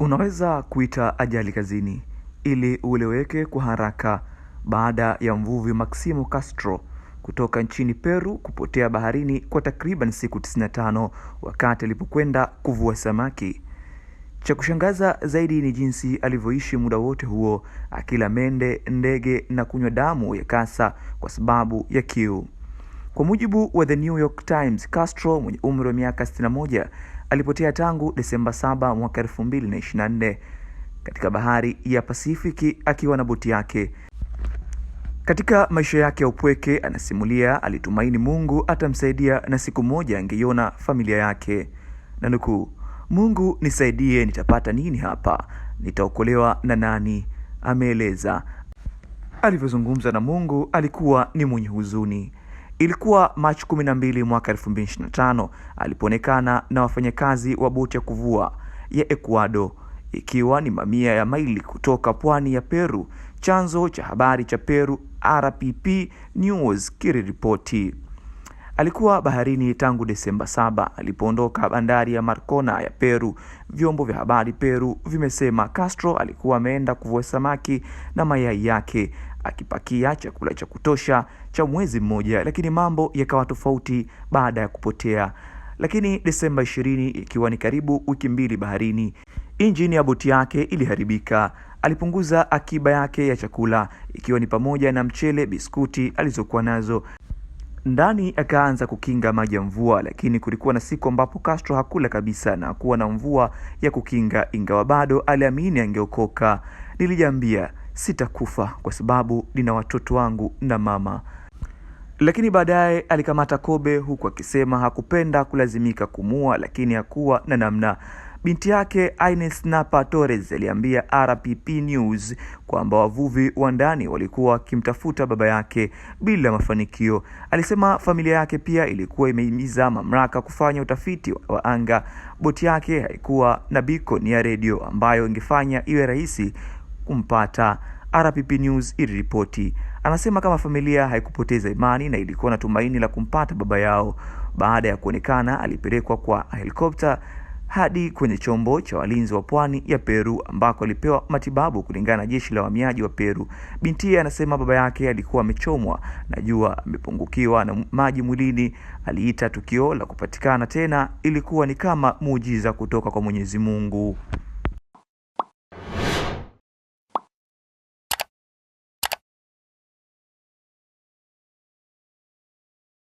Unaweza kuita ajali kazini ili ueleweke kwa haraka baada ya mvuvi Maximo Castro kutoka nchini Peru kupotea baharini kwa takriban siku 95 wakati alipokwenda kuvua samaki. Cha kushangaza zaidi ni jinsi alivyoishi muda wote huo akila mende, ndege na kunywa damu ya kasa kwa sababu ya kiu. Kwa mujibu wa The New York Times, Castro mwenye umri wa miaka 61 alipotea tangu Desemba 7 mwaka 2024 katika bahari ya Pasifiki akiwa na boti yake. Katika maisha yake ya upweke, anasimulia alitumaini Mungu atamsaidia na siku moja angeiona familia yake, na nukuu, Mungu nisaidie, nitapata nini hapa? Nitaokolewa na nani? Ameeleza alivyozungumza na Mungu alikuwa ni mwenye huzuni. Ilikuwa Machi 12 mwaka 2025 alipoonekana na wafanyakazi wa boti ya kuvua ya Ecuador ikiwa ni mamia ya maili kutoka pwani ya Peru, chanzo cha habari cha Peru RPP News kiliripoti. Alikuwa baharini tangu Desemba 7 alipoondoka bandari ya Marcona ya Peru. Vyombo vya habari Peru vimesema Castro alikuwa ameenda kuvua samaki na mayai yake akipakia chakula cha kutosha cha mwezi mmoja, lakini mambo yakawa tofauti baada ya kupotea. Lakini Desemba 20 ikiwa ni karibu wiki mbili baharini, injini ya boti yake iliharibika. Alipunguza akiba yake ya chakula ikiwa ni pamoja na mchele, biskuti alizokuwa nazo ndani akaanza kukinga maji ya mvua, lakini kulikuwa na siku ambapo Castro hakula kabisa na hakuwa na mvua ya kukinga, ingawa bado aliamini angeokoka. Nilijiambia sitakufa kwa sababu nina watoto wangu na mama. Lakini baadaye alikamata kobe huku akisema hakupenda kulazimika kumua, lakini hakuwa na namna. Binti yake Ines Napa Torres aliambia RPP News kwamba wavuvi wa ndani walikuwa wakimtafuta baba yake bila mafanikio. Alisema familia yake pia ilikuwa imeimiza mamlaka kufanya utafiti wa anga. Boti yake haikuwa na beacon ya redio ambayo ingefanya iwe rahisi kumpata, RPP News iliripoti. Anasema kama familia haikupoteza imani na ilikuwa na tumaini la kumpata baba yao. Baada ya kuonekana, alipelekwa kwa helikopta hadi kwenye chombo cha walinzi wa pwani ya Peru ambako alipewa matibabu kulingana na jeshi la wahamiaji wa Peru. Bintiye anasema baba yake alikuwa amechomwa na jua, amepungukiwa na maji mwilini. Aliita tukio la kupatikana tena ilikuwa ni kama muujiza kutoka kwa Mwenyezi Mungu.